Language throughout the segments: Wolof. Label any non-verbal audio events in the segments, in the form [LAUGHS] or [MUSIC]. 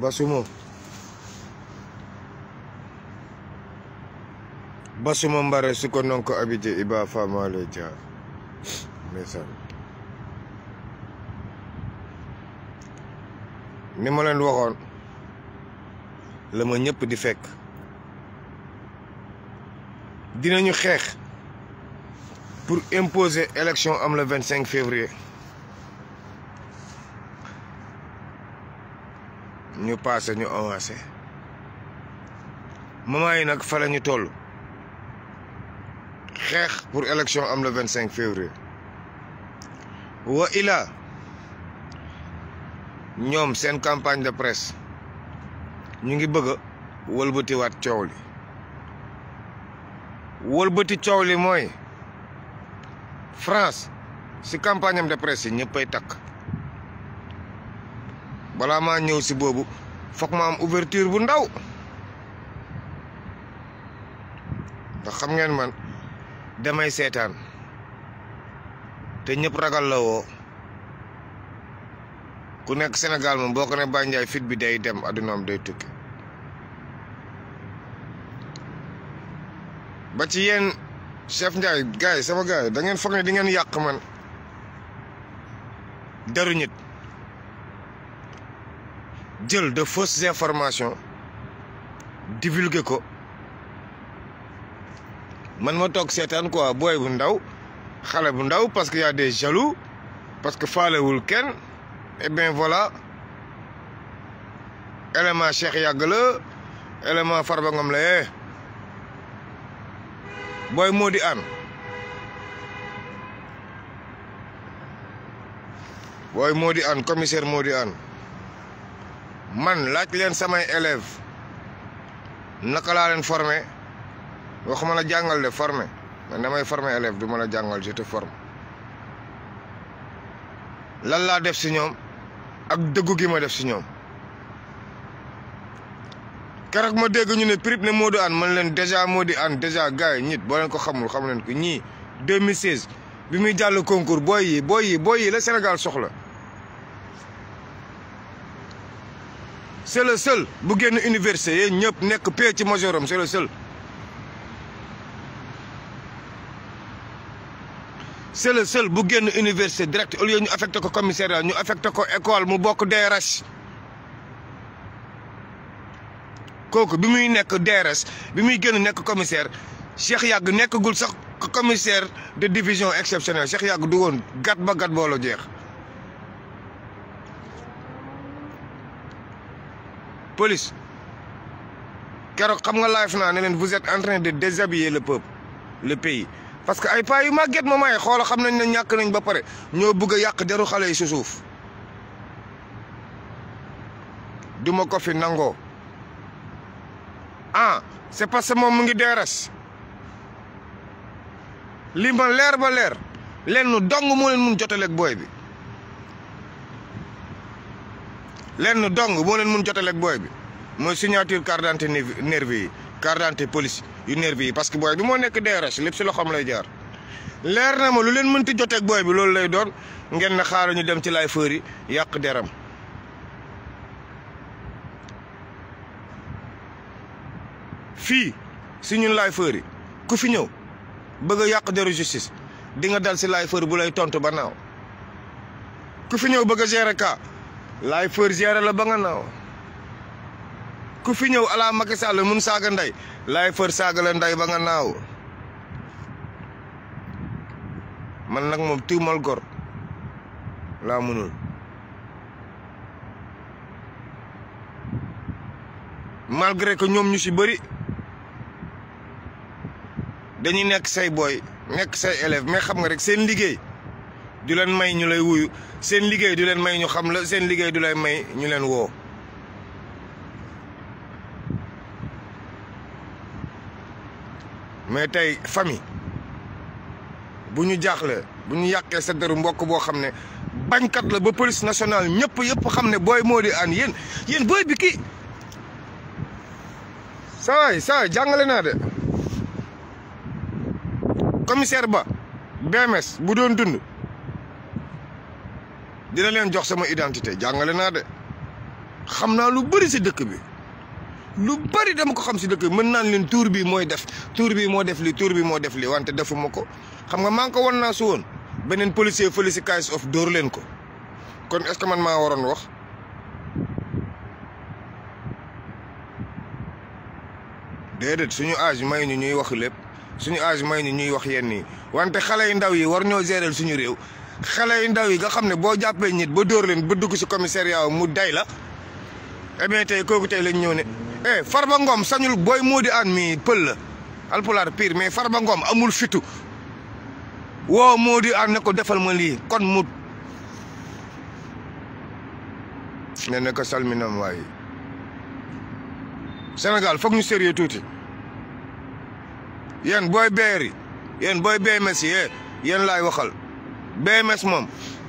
basuma basuma mbare su ko non ko abidé iba famale dia ndeysaan ni ma leen waxoon la ma ñëpp di fekk dinañu xeex pour imposer élection am la vingt cinq février ñu passé ñu avancé moment yi nag fa ñu toll xeex pour élection am le vingt cinq février wa ila ñoom seen campagne de presse ñu ngi bëgg a wëlbatiwaat coow li wëlbati coow li mooy France si campagne am de presse yi ñëppay takk balaa maa ñëw si boobu foog ma am ouverture bu ndaw ndax xam ngeen man demay seetaan te ñëpp ragal la woo ku nekk senegal moom boo ko ne Baye fit bi day dem addunaam day tukki ba ci yenn chef Ndiaye gars yi sama gars yi da ngeen foog di ngeen yàq man daru nit jël de fausses informations divulguer ko man ma toog seetaan quoi booy bu ndaw xale bu ndaw parce que y des jaloux parce que faalewul kenn et bien voilà élément Cheikh yàgg la élément Farba Ngom la eh booy moo di aan booy moo di aan commissaire moo di aan man laaj leen samay élève naka laa leen formé waxuma la jàngal de formé man damay formé élève du ma a jàngal je te forme lan laa def si ñoom ak dëggu gi ma def si ñoom keroog ma dégg ñu ne Prip ne Modou Ane man leen dèjà Modou Ane dèjà gars yi nit boo ko xamul xam leen ko ñii 2016 bi muy jàll concours booy yi booy yi booy yi la Sénégal soxla c'est le bu génn université yéen ñëpp nekk pee ci majoram c'est le seul c'est le seul bu génn université direct au lieu ñu affecté ko commissariat ñu affecté ko école mu bokk DRS kooku bi muy nekk DRS bi muy génn nekk commissaire Cheikh Yàgg nekkagul sax commissaire de division exceptionnelle Cheikh Yàgg du woon gat ba gat boolo jeex police keroog xam nga live naa ne leen vous êtes en train de déshabiller le peuple le pays parce que ay paa yu màgget ma may xoola xam nañ ne ñàkk nañ ba pare ñoo bugg a yàq deru xale yi si suuf du ma nangoo ah c'est parce que moom mu ngi DRS li ma leer ba leer leen nu dong moo leen mun jotaleeg booy bi lenn dong moo leen mun jotale ak booy bi mooy signature carte d'identité nervi yi carte d'identité police yu nervi yi parce que booy bi moo nekk DRS lépp si loxoom lay jaar. leer na ma lu leen mënti jotee ak booy bi loolu lay doon ngeen na xaaral ñu dem ci laay fër yàq deram fii si ñun laay fër ku fi ñëw bëgg yàq deru justice di nga dal si laay fër bu lay tontu ba naaw ku fi ñëw bëgg a gérer laay fër ziare la ba nga naaw ku fi ñëw alaa Macky Sall mun saaga ndey laay fër saaga la nday ba nga naaw man nag moom tuumal gor laa mënul malgré que ñoom ñu ci bëri dañuy nekk say booy nekk say élève mais xam nga rek seen liggéey du leen may ñu lay wuyu seen liggéey du leen may ñu xam la seen liggéey du lay may ñu leen woo mais tey famille bu ñu jaaxle bu ñu yàqee sa dëru mbokk boo xam ne bañkat la ba police nationale ñëpp yëpp xam ne booy moo di aan yéen yéen booy bi kii saay saay jàngale naa de commissaire ba BMS bu doon dund dina leen jox sama identité jàngale naa de xam naa lu bëri si dëkk bi lu bëri dama ko xam si dëkk bi mën naan leen tuur bi mooy def tuur bi moo def li tuur bi moo def li wante defuma ko xam nga maa ngi ko wan naa su woon beneen policier fële si kaas of dóor leen ko kon est-ce que man maa waroon wax déedéet suñu âge may ñu ñuy wax lépp suñu âge may ñu ñuy wax yenn yi wante xale yu ndaw yi war ñoo gérer suñu réew xele yu ndaw yi nga xam ne boo jàppee nit ba dóor leen ba dugg si commissariat mu day la eh bien tey kooku tey lañ ñëw ne eh Farba Ngom sañul booy Modou Anne mi pël la alpulaar pire far ba ngoom amul fitu woo Modou Anne ne ko defal ma lii kon mu ne na ko salminam waaye Sénégal foog ñu sérieux tuuti yéen booy beeri yéen booy bey messi eh, yéen laay waxal BMS moom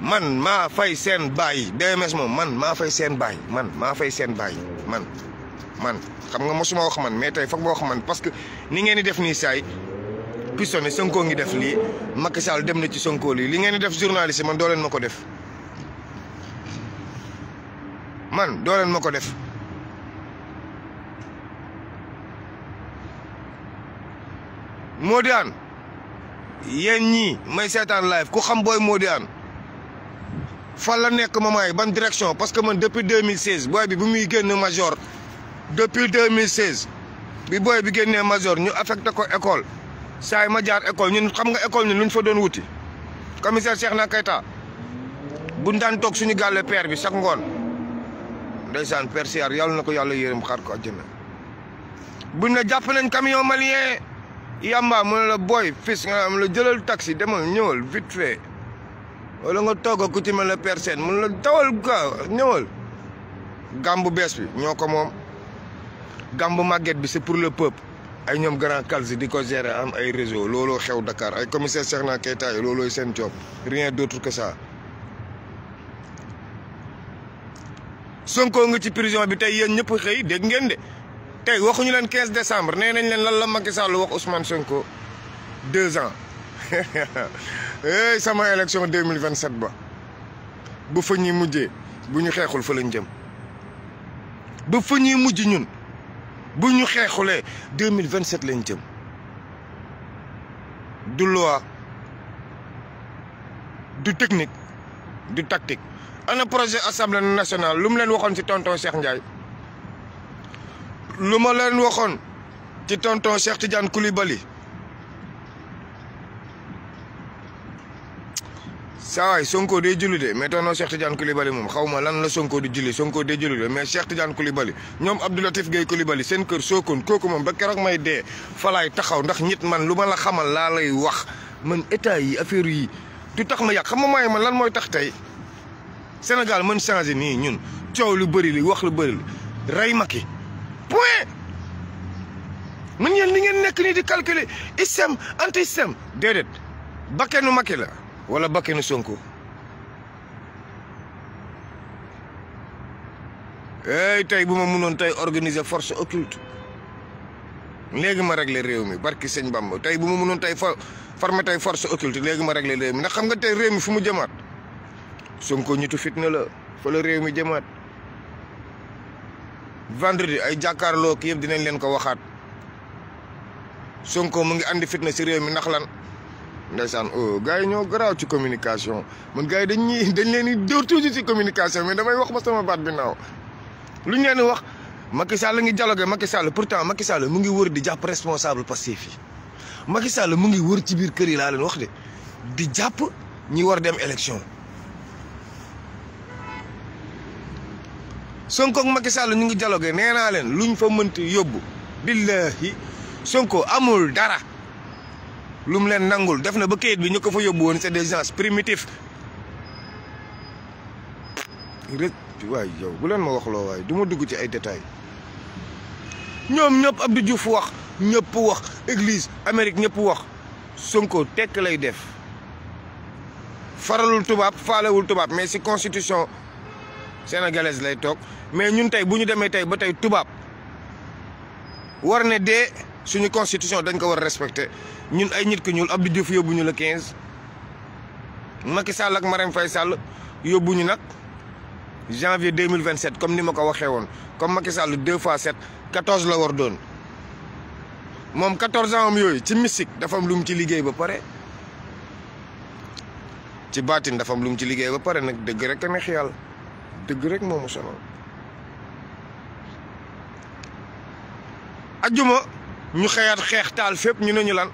man maa fay seen bàyyi BMS moom man maa fay seen bàyyi man maa fay seen bàyyi man man xam nga mosuma wax man mais tey foog ma wax man parce que ni ngeen di def nii saay pistonné Sonko ngi def lii Macky Sall dem na ci Sonko lii li ngeen di def journaliste man doo leen ma ko def man doo leen ma ko def moo di daan yéen ñii may seetaan live ku xam booy moo di aan fan la nekk ma mamaay ban direction parce que man depuis 2016 booy bi bu muy génn major depuis 2016 bi booy bi génnee major ñu affecté ko école saa yi ma jaar école ñun xam nga école ñun lu ñu fa doon wuti commissaire Cheikhna Keita bu ñu daan toog suñu gàlle père bi chaque ngoon ndeysaan père Siar yàlla na ko yàlla yërëm xaar ko àjjana buñ ne jàpp nañ camion malien yamba mu ne la booy fis nga am la jëlal taxi demal ñëwal vite fait wala nga toog a ku ci mel ne personne mu ne la dawal ga ñëwal gam bees bi ñoo ko moom gam bu màgget bi c'est pour le peuple ay ñoom grand calzi di ko gérer am ay réseau looloo xew dakaar ay commissaire Cheikhna Keita yi loolooy seen job rien d'autre ko ça Sonko nga ci prison bi tey yéen ñëpp xëy dégg ngeen de tey waxuñu leen 15 décembre nee nañ leen lan la Macky Sall wax Ousmane ko deux ans [LAUGHS] hey sama élection 2027 ba bu fa ñuy mujjee bu ñu xeexul fa lañ jëm ba fa ñuy mujj ñun bu ñu xeexulee 2027 lañ jëm du loi du technique du tactique ana projet assemblée nationale lu mu leen waxoon ci tonton Cheikh Ndiaye. lu ma leen waxoon ci tonton Cheikh Tidiane Coulibaly saa waay Sonko day julli de mais tonton Cheikh Tidiane Coulibaly moom xaw ma lan la sonkoo di julli Sonko day julli de mais Cheikh Tidiane Coulibaly ñoom Abdou Latif Gueye Coulibaly seen kër sookoon kooku moom ba keroog may dee falaay taxaw ndax ñit man lu ma la xamal laa lay wax man état yi affaire yi du tax ma yàq xam nga man lan mooy tax tey Sénégal man changé nii ñun coow lu bëri li wax lu bëri li rey Macky point ma ngeen ni ngeen nekk nii di calculer système anti système déedéet bakkenu Macky la wala bakkenu Sonko. ey tey bu ma mënoon tey organiser force occulte léegi ma régler réew mi barki señ Bamba tey bu ma mënoon tey for former tey force occulte léegi ma régler réew mi ndax xam nga tey réew mi fu mu jëmaat Sonko ñitu fitna la fa réew mi jëmaat. vendredi ay jàkkaarloo ki yëpp dinañ leen ko waxaat Sonko mu ngi andi fitna si réew mi ndax lan ndeysaan o oh, gars yi ñoo garaaw ci communication man gars yi dañ ñuy dañ leen di dóor toujours ci communication mais damay wax ba sama baat bi naaw lu ñu leen di wax Macky Sall ngi dialogué Macky Sall pourtant Macky Sall mu ngi wër di jàpp responsable Pastef yi Macky Sall mu ngi wër ci biir kër yi laa leen wax de di jàpp ñi war dem élection Sonko ak Macky Sall ñu ngi dialogué nee naa leen ñu fa mënti yóbbu billahi Sonko amul dara lu mu leen nangul def na ba kayit bi ñu ko fa yóbbu woon c'est des gens primitifs. rek waay yow bu leen ma wax loo waay du ma dugg ci ay détails ñoom ñëpp Abdou Diouf wax ñëpp wax église Amérique ñëpp wax Sonko tekk lay def faralul tubaab faalewul tubaab mais si constitution. sénégalaise lay toog mais ñun tey bu ñu demee tey ba tey tubaab war ne dee suñu constitution dañ ko war a respecté ñun ay nit ku ñuul Abdou Diouf yóbbu ñu la 15 Macky Sall ak Marème Faye Sall yóbbu ñu nag janvier 2027 comme ni ma ko waxee woon comme Macky Sall deux fois sept 14 la war doon moom 14 ans am yooyu ci mystique dafa am lu mu ci liggéey ba pare. ci baatin dafa am lu mu ci liggéey ba pare nag dëgg rek a neex yàlla. dëgg rek moo ma sonal ñu xëyaat xeex taal fépp ñu ne ñu lan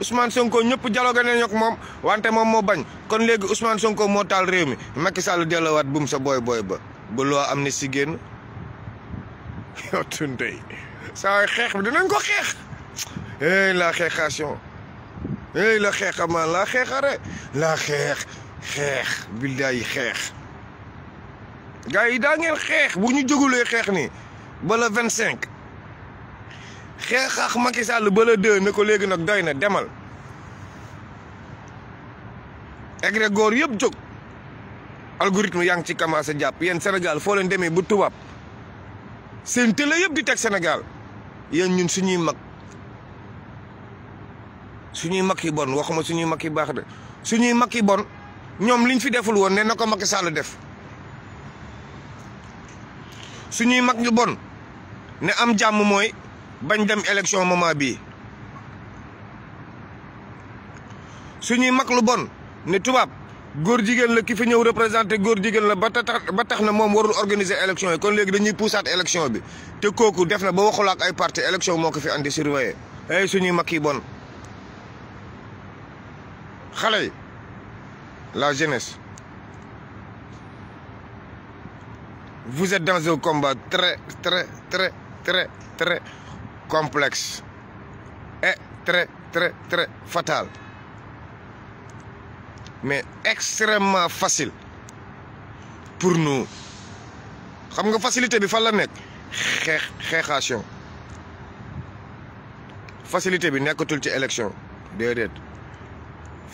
Ousmane Sonko ñëpp dialogue nañu ak moom wante moom moo bañ kon léegi usmaan Sonko moo taal réew mi Macky Sall delloowaat buum sa booy booy ba ba loo am ne si génn [LAUGHS] yow tuntey saa xeex bi dinañ ko xeex hey la xeexation hey la xeexamaan la xeexare la xeex xeex billaay xeex gars yi daa ngeen xeex bu ñu jógulee xeex ni bala le vingt cinq xeex ak Macky ne ko léegi nag doy na demal égrégore yëpp jóg algorithme yaa ngi ci commencé jàpp yéen Sénégal foo leen demee bu tubaab seen télé yëpp di teg senegal yéen ñun suñuy mag suñuy mag yi bon waxuma suñuy mag yi baax de suñuy mag yi bon ñoom liñ fi deful woon ne na ko makki sàll def suñuy mag ñu bon ne am jàmm mooy bañ dem élection moment bii suñuy mag lu bon ne tubaab góor jigéen la ki fi ñëw représenté góor jigéen la ba tax ba tax na moom warul organiser élection yi kon léegi dañuy puusaat élection bi te kooku def na ba waxul ak ay parti élection moo ko fi andi surveiller ay suñuy mag yi bon xale yi la jeunesse vous êtes dans un combat très très très très très complexe et très très très fatal mais extrêmement facile pour nous xam nga facilité bi fan la nekk xeex facilité bi nekkatul ci élection déedéet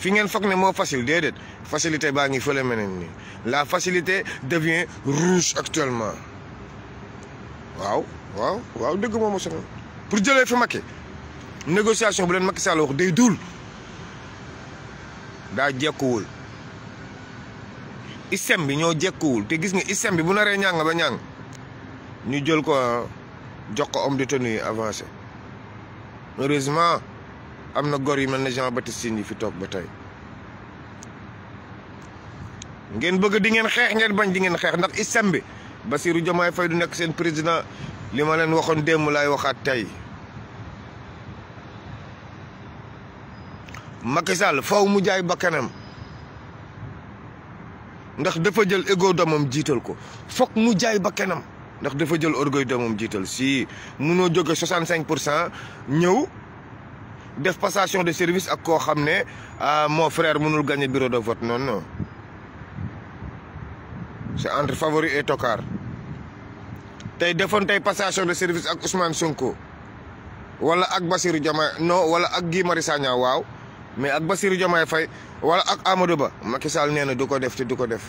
fi ngeen foog ne moo facile déedéet facilité baa ngi fële meneen ni la facilité devient rouge actuellement waaw waaw waaw dëgg moom mos pour jële fi Macky négociation bu leen Macky Sall wax day duul daa jekkuwul ISEM bi ñoo jekkuwul te gis nga ISEM bi bu naree ñàng ba ñàng ñu jël ko jox ko homme de tenue avancé heureusement. am na gor yu mel ne Jean Baptiste Tine yi fi toog ba tey ngeen bëgg dingeen ngeen xeex ngeen bañ di ngeen xeex ndax isem bi Bassirou Diomaye Faye du nekk seen président li ma leen waxoon démb laay waxaat tey Macky Sall faw mu jaay bakkanam ndax dafa jël égo doomam jiital ko fokk mu jaay bakkenam ndax dafa jël orgueil doomam jiital si munoo jóge 65 pour cent ñëw def passation de service ak koo xam ne ah, moo frère mënul gagner bureau de vote non noo c'est entre favori et tey defoon tey passation de service ak Ousmane Sonko wala ak Bassirou Diomaye non wala ak Guy Marius waaw mais ak Bassirou Diomaye Faye wala ak amado Ba Macky Sall nee na du ko def te du ko def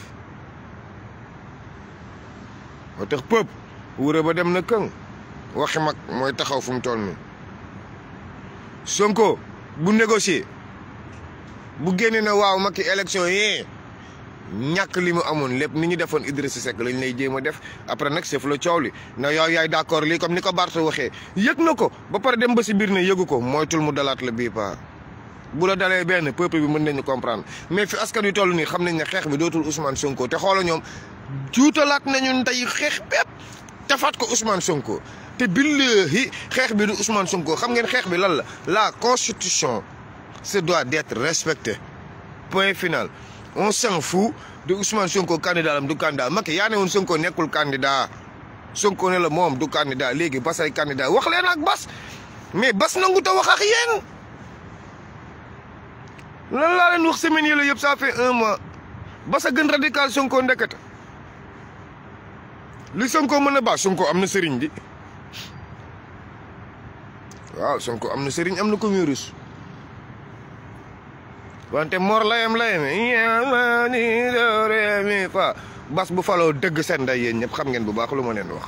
moo tax peuple wuré ba dem na këng waxi mag mooy taxaw fu mu toll nii Sonko bu négocier bu génne na waaw Macky élection yi ñàkk li mu amoon lépp ni ñu defoon Idrissa Seck lañ lay jéem a def après nag sëf la coow li na yow yaay d' accord lii comme ni ko Barth waxee yëg na ko ba pare dem ba si biir ne yëgu ko moytul mu dalaat la bii paa bu la dalee benn peuple bi mën nañu comprendre mais fi askan wi toll nii xam nañ ne xeex bi dootul Ousmane Sonko te xoola ñoom juutalaat nañu ndey xeex bépp tafaat ko Ousmane Sonko te billahi xeex bi du Ousmane Sonko xam ngeen xeex bi lan la la constitution se doit d'être respectée point final on s'en fout du Ousmane Sonko candidat du candidat Macky yaa ne woon Sonko nekkul candidat Sonko ne la moom du candidat léegi Bass ay candidat wax leen ak Bass mais bas nangu ta wax ak yéen laa leen wax semaine yi la yëpp ça fait un mois Bass a gën radical Sonko ndekete li Sonko mën a baax Sonko am na sëriñ di waaw Sonko am na sëriñ am na ko virus wante mor layam layam yema ni dore mi fa bas bu faloo dëgg seen nday yéen ñëpp xam ngeen bu baax lu ma leen wax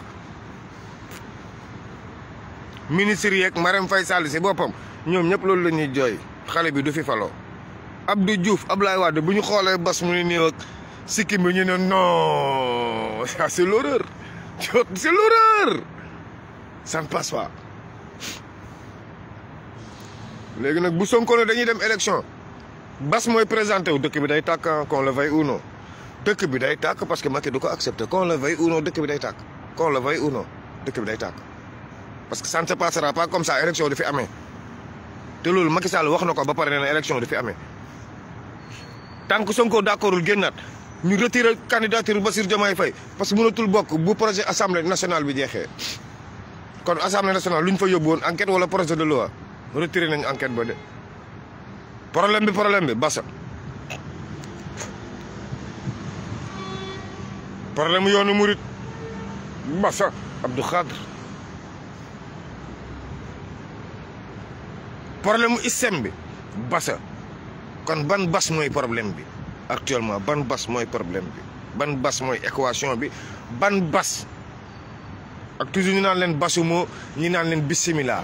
ministre yeeg Marème Faye Sall si boppam ñoom ñëpp loolu la ñuy jooy xale bi du fi faloo Abdou Diouf Abdoulaye Wade bu ñu xoolee bas mu ne nii ak sikkim bi ñu ne non [LAUGHS] ça c'est l'horreur C'est l'horreur Ça ne passe pas léegi nag bu Sonko ne dañuy dem élection Bass mooy présenté wu dëkk bi day tàkk qu'on le veuille ou non dëkk bi day tàkk parce que Macky du ko accepté qu'on le veuille ou non dëkk bi day tàkk qu'on le veuille ou non dëkk bi day tàkk parce que sante ne se passera pas comme ça élection du fi amee te loolu Macky Sall wax na ko ba pare nee na élection du fi amee tant que Sonko d'accordul génnaat ñu retirer candidature Bassirou Diomaye Faye parce que mënatul bokk bu projet assemblée nationale bi jeexee kon assemblée nationale lu ñu fa yóbbu woon enquête wala projet de loi retiré nañ enquête ba de problème bi problème bi basa problème yoonu murit basa Abdou Khadre problème mu bi basa kon ban bas mooy problème bi actuellement ban bas mooy problème bi ban bas mooy équation bi ban bas ak toujours ñu naan leen basu moo ñi naan leen bisimilah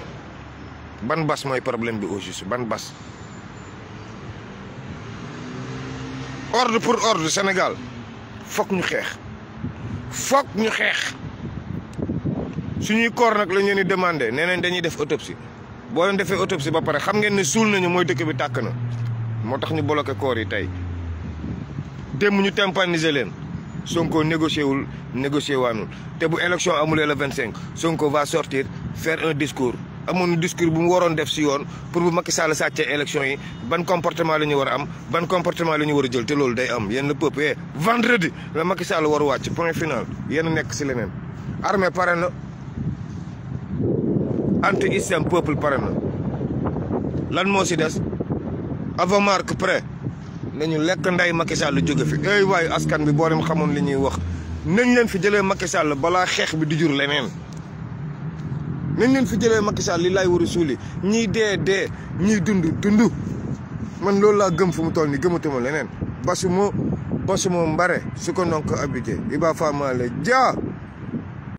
ban bas mooy problème bi au juste ban bas ordre pour ordre Sénégal foog ñu xeex foog ñu xeex suñuy koor nag lañ leen di demandé nee nañ dañuy def autopsie boo leen defee autopsie ba pare xam ngeen ne suul nañu mooy dëkk bi tàkk na moo tax ñu bloqué koor yi tey démb ñu tympaniser leen Sonko négocié wul négocié waanul te bu élection amulee le vingt cinq Sonko va sortir faire un discours amoon discours bu mu waroon def si yoon pour bu Macky Sall sàccee élection yi ban comportement la ñu war a am ban comportement la ñu war a jël te loolu day am yenn peuple eh vendredi la Macky Sall war a wàcc point final yéen nekk si leneen armée pare na anti islam peuple pare na lan moo si des avant marque près nañu lekk nday Macky Sall jóge fi ay waay askan bi boo leen xamoon li ñuy wax nañ leen fi jëlee Macky Sall balaa xeex bi di jur leneen nañ leen fi jëlee Macky Sall li laay war a suuli ñiy dee dee ñiy dund dund man loolu laa gëm fu mu toll ni gëmatuma leneen basuma basuma mbare su ko ndonk abidé Iba Fama la jaa